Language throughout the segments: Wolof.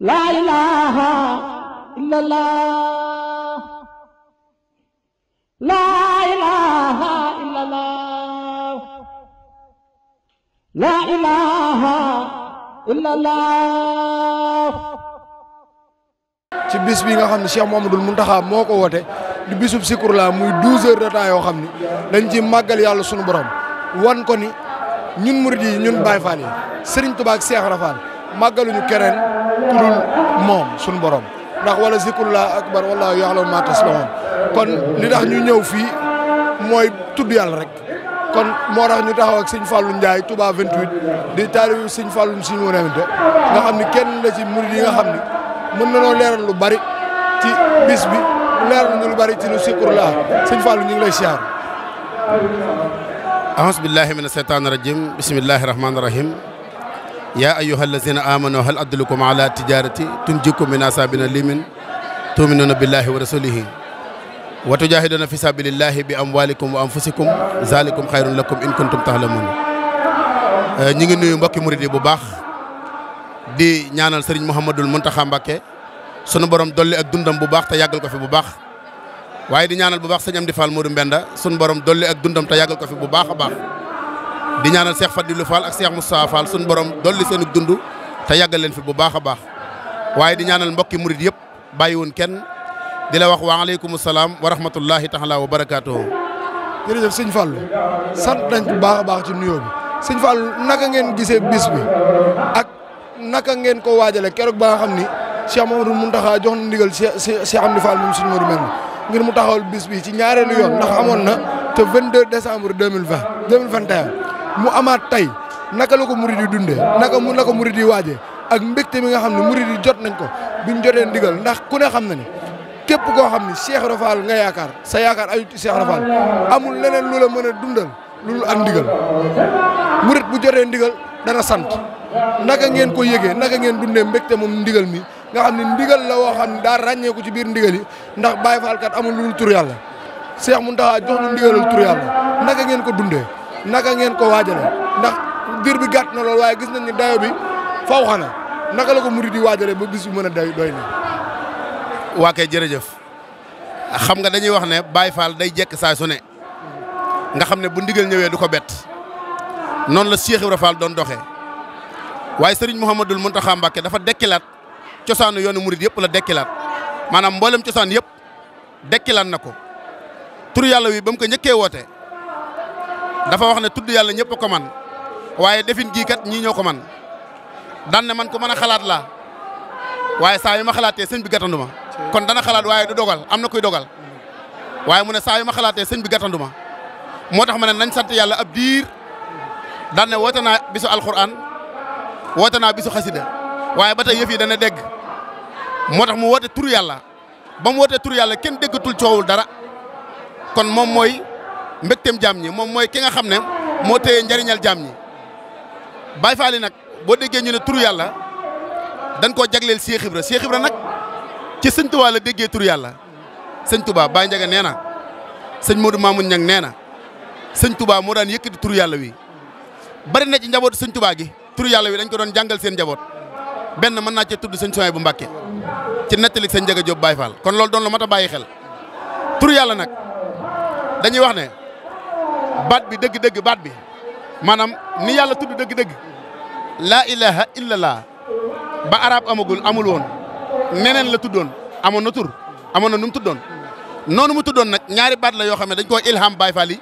laa ilaaha illallah laa ilaaha illallah laa ilaaha illallah ci bis bi nga xam ne Cheikh Mouhamadoul Mountakha moo ko woote di bisub Zikru Laah muy douze heures de temps yoo xam ni dañ ci màggal yàlla sunu borom wan ko ni ñun murid yi ñun Baay Faal yi Sëriñ Tuubaa ak màggaluñu keneen ku dul moom suñu borom ndax wala zikrullah akbar wallahu ya'lamu ma tasna'un kon li tax ñu ñëw fii mooy tudd rek kon moo tax ñu taxaw ak sëñ njaay Ndiaye vingt 28 di taalibu sëñ Fallou suñu wonante nga xam ni kenn la ci murid yi nga xam ni moom na noo leeral lu bari ci bis bi leeral ñu lu bari ci lu zikrullah sëñ Fallou ñu ngi lay siyaar ahasbillahi mina seytaani rajim bismillahi rahmaani rahim yaa ayyuha allazina amanu hal adullukum ala tijarati tunjikum min asabina limin tuminuna billahi wa rasulihi wa tujahiduna fi sabilillahi bi amwalikum wa anfusikum zalikum xayrun lakum in kuntum tahlamun eh, ñi ngi nuyu mbokki murid yi bu baax di ñaanal sëriñ Mouhamadul Mountakha Mbacké sunu borom dolli ak dundam bu baax te yàggal ko fi bu baax waaye di ñaanal bu baax sëñ Amdi Fall Modou Mbenda sunu borom dolli ak dundam te yàggal ko fi bu baax a baax di ñaanal Cheikh Fadilou Fall ak Cheikh Moustapha Fall suñu borom dolli seen dund te yàggal leen fi bu baax a baax waaye di ñaanal mbokki murit yëpp bàyyi woon kenn di la wax waaleykum salaam wa rahmatullahi taala wa barakaatuhu. jërëjëf sëñ Fallou sant nañ bu baax a baax ci nuyoo bi sëñ Fallou naka ngeen gisee bis bi ak naka ngeen ko waajale keroog baa xam ni Cheikh Mamadou Mountakha jox na ndigal Cheikh Cheikh Amady Fall moom suñu mën ngir mu taxawal bis bi ci ñaareelu yoon amoon na te 22 décembre 2020 2021. mu amaat tey naka la ko murid yi dunde naka mu naka mu yi waajee ak mbégte mi nga xam ne murid yi jot nañ ko biñ jotee ndigal ndax ku ne xam na ni képp koo xam ni Cheikh Rafal nga yaakaar sa yaakaar ayu Cheikh Rafal amul leneen lu la mën a dundal lu am ndigal murid bu jotee ndigal dana sant naka ngeen ko yëgee naka ngeen dundee mbégte moom ndigal mi nga xam ne ndigal la woo xam ne daa ràññeeku ci biir ndigal yi ndax Baye Fall kat amul lu dul tur yàlla Cheikh jox ñu ndigalul tur yàlla naka ngeen naka ngeen ko waajale ndax dir bi gàtt na waaye gis nañ ni dayo bi faw naka la ko murid yi waajale ba bis bu mën a doy doy na waa jërëjëf xam nga dañuy wax ne Baye Fall day jekk saa nga xam ne bu ndigal ñëwee du ko bett noonu la Cheikh Ibra doon doxee waaye sëriñ Mouhamadul Mountakha Mbacké dafa dekkilaat cosaanu yoonu murid yëpp la dekkilaat maanaam mboolem cosaan yëpp dekkilaat na ko tur yàlla wi ba mu ko njëkkee woote dafa wax ne tudd yàlla ñëpp ko man waaye defin gii kat ñii ñoo ko man daan ne man ko mën a xalaat laa waaye saa yu ma xalaatee sëñ bi gàttandu ma kon dana xalaat waaye du dogal am na koy dogal waaye mu ne saa yu ma xalaatee sëñ bi gàttandu ma moo tax ma ne nañ sant yàlla ab diir daan ne woote naa bisu alxuraan woote naa bisu xasida waaye ba tey yëf yi dana degg moo tax mu woote tur yàlla ba mu woote tur yàlla kenn déggatul coowul dara kon moom mooy mbégteem jaam ñi moom mooy ki nga xam ne moo téye njariñal jaam ñi Baay Faal yi nag boo déggee ñu ne turu yàlla dañ koo jagleel Seex Ibra Seex Ibra nag ci sëñ Tuubaa la déggee tur yàlla sëñ Tuubaa Baay Njaga nee na sëñ Modou Mamoun Ñang nee na sëñ Tuubaa moo daan yëkkati tur yàlla wi bari na ci njaboot sëñ Tuubaa gi turu yàlla wi dañ ko doon jàngal seen njaboot benn mën naa ci tudd sëñ Soy bu mbakke ci nettali sëñ Njaga Jóob Baay Faal kon loolu doon lu mat a bàyyi xel turu yàlla nag dañuy wax ne baat bi dëgg-dëgg baat bi maanaam ni yàlla tudd dëgg-dëgg laa ilaha illallah ba arab amagul amul woon neneen la tuddoon amoon na tur amoon na nu mu tuddoon noonu mu tuddoon nag ñaari baat la yoo xam ne dañ koo ilham Baay Faal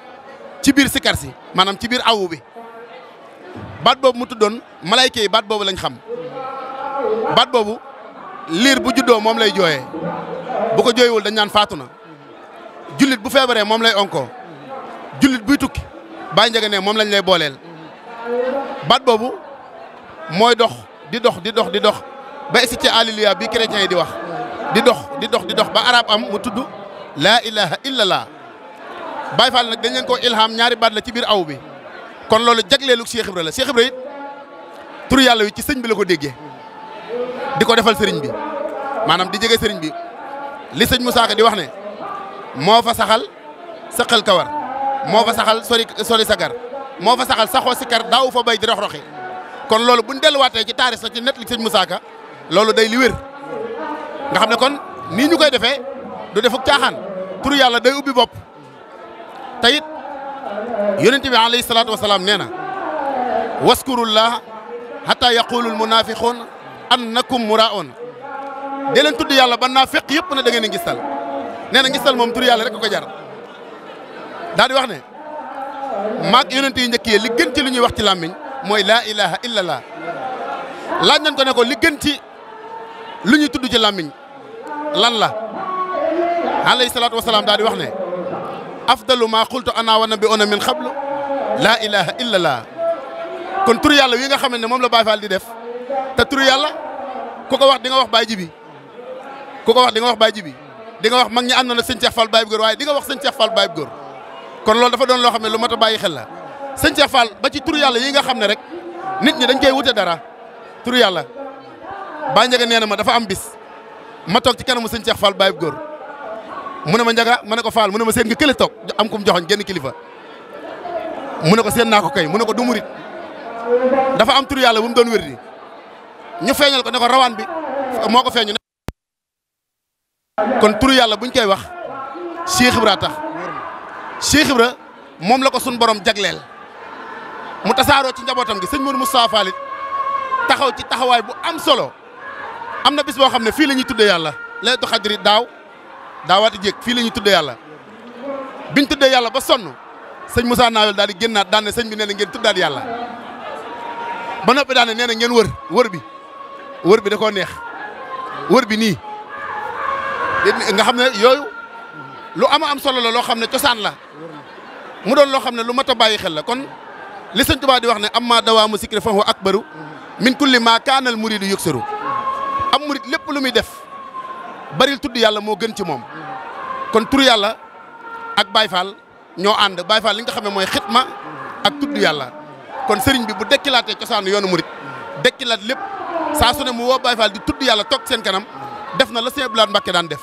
ci biir sikar si maanaam ci biir awu bi baat boobu mu tuddoon malayka yi boobu lañ xam baat boobu liir bu juddoo moom lay jooyee bu ko jooywul dañ naan faatu jullit bu feebaree moom lay onko jullit buy tukki Baye Ndiaga ne moom lañu lay booleel baat boobu mooy dox di dox di dox di dox ba si ci alléluia bi chrétien yi di wax di dox di dox di dox ba arab am mu tudd laa ilaha illallah Baye Fall nag dañ leen koo ilham ñaari baat la ci biir aw bi kon loolu jagleelu Cheikh Ibra la Cheikh Ibra it tur yàlla wi ci sëñ bi la ko déggee di ko defal sëriñ bi maanaam di jege sëriñ bi li sëñ mu Ka di wax ne moo fa saxal saqal kawar moo fa saxal soli soli sagar moo fa saxal saxoo sikar daaw fa bay di rox roxi kon loolu bu ñu delluwaatee ci taari sax ci net li sëñ Moussa loolu day li nga xam ne kon nii ñu koy defee du defuk caaxaan pour yàlla day ubbi bopp te it yonent bi alayhi salaatu wasalaam nee na waskurullah hatta yaqulul munafiqun annakum muraun de leen tudd yàlla ba naa feq yëpp na da ngeen a ngistal nee na ngistal moom tur yàlla rek ko jar daal wax ne maag yonent yi njëkk yi li gën ci lu ñuy wax ci làmmiñ mooy laa ilaha illa laa laaj nañ ko ne ko li gën ci lu ñuy tudd ci làmmiñ lan la alayhi salaatu wasalaam daal di wax ne afdalu ma qultu ana wa nabiuna min qablu laa ilaha illa laa kon tur yàlla wi nga xam ne moom la Baay di def te tur yàlla ku ko wax di nga wax Baay Jibi ku ko wax di nga wax Baay Jibi di nga wax mag ñi àndoon ak sëñ Cheikh Fall Baay Góor waaye di wax sëñ Cheikh Fall Baay kon loolu dafa doon loo xam ne lu mat a bàyyi xel la sëñ Cheikh Fall ba ci turu yàlla yi nga xam ne rek nit ñi dañ koy wute dara turu yàlla baa njëga nee na ma dafa am bis ma toog ci kanamu sëñ Cheikh Fall bàyyi góor mu ne ma njaga ma ne ko Fall mu ne ma seen nga kële toog am kum joxoñ genn kilifa mu ne ko seen naa ko kay mu ne ko du murit dafa am turu yàlla bu doon wér di ñu feeñal ko ne ko rawaan bi moo ko feeñu ne kon turu yàlla buñ koy wax Cheikh Cheikh Ibra moom la ko suñ borom jagleel mu tasaaroo ci njabootam gi sëñ Modou Moustapha Fall taxaw ci taxawaay bu am solo am na bis boo xam ne fii la ñuy tuddee yàlla laytu xadri daaw daawaati jéeg fii la ñuy tuddee yàlla biñ tuddee yàlla ba sonn sëñ Moussa Nawel daal di génnaat daan ne sëñ bi nee na ngeen tuddaat yàlla ba noppi daan ne nee ngeen wër wër bi wër bi da koo neex wër bi nii nga xam ne yooyu. lu ama am solo la loo xam ne cosaan la mu doon loo xam ne lu mat a bàyyi xel la kon li sëñ Tuubaa di wax ne am ma dawaamu sikri fa huwa akbaru min kulli maa kaanal muridu yuksaru am murid lépp lu muy def baril tudd yàlla moo gën ci moom kon tur yàlla ak baay Fall ñoo ànd Baye Fall li nga xam ne mooy ma ak tudd yàlla kon sëriñ bi bu dekkilaatee cosaanu yoonu murid dekkilaat lépp saa su ne mu woo Baye Fall di tudd yàlla toog seen kanam def na la sëñ Abdoulaye Mbacke daan def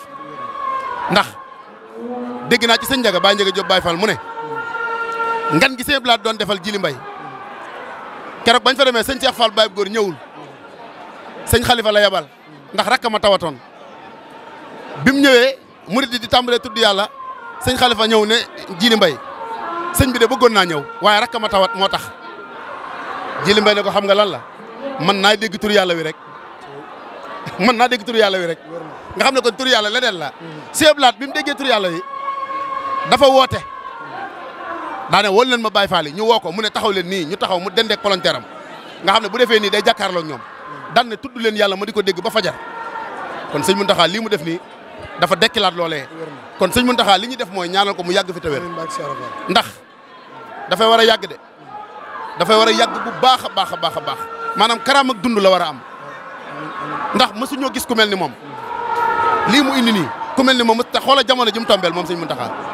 dégg naa ci sëñ Njaga Baye Njaga Diop Baye Fall mu ne ngan gi sëñ Blaat doon defal Jili Mbay keroog bañ fa demee sëñ Cheikh Fall Baye góor ñëwul sëñ xalifa la yabal ndax rakk ma tawatoon bi mu ñëwee murid di tàmbalee tudd yàlla sëñ Khalifa ñëw ne Jili Mbay sëñ bi de bëggoon naa ñëw waaye rakk ma tawat moo tax Jili Mbay ne ko xam nga lan la man naa dégg tur yàlla wi rek man naa dégg tur yàlla wi rek nga xam ne kon tur yàlla leneen la sëñ Blaat bi mu déggee tur yàlla wi dafa woote daane wol leen ma Baye Fall yi ñu woo ko mu ne taxaw leen nii ñu taxaw mu dendeek volontaire am nga xam ne bu defee nii day jàkkaarloo ñoom daan ne tudd leen yàlla ma di ko dégg ba fajar kon sëñ Mountakha lii mu def nii dafa dekkilaat loole loolee kon sëñ Mountakha li ñu def mooy ñaanal ko mu yàgg fi tawér ndax dafay war a yàgg de dafay war a yàgg bu baax a baax a baax a baax maanaam karaam ak dund la war a am ndax mësuñoo gis ku mel ni moom lii mu indi nii ku mel ni moom te xoola jamono ji mu tombeel moom sëñ Mountakha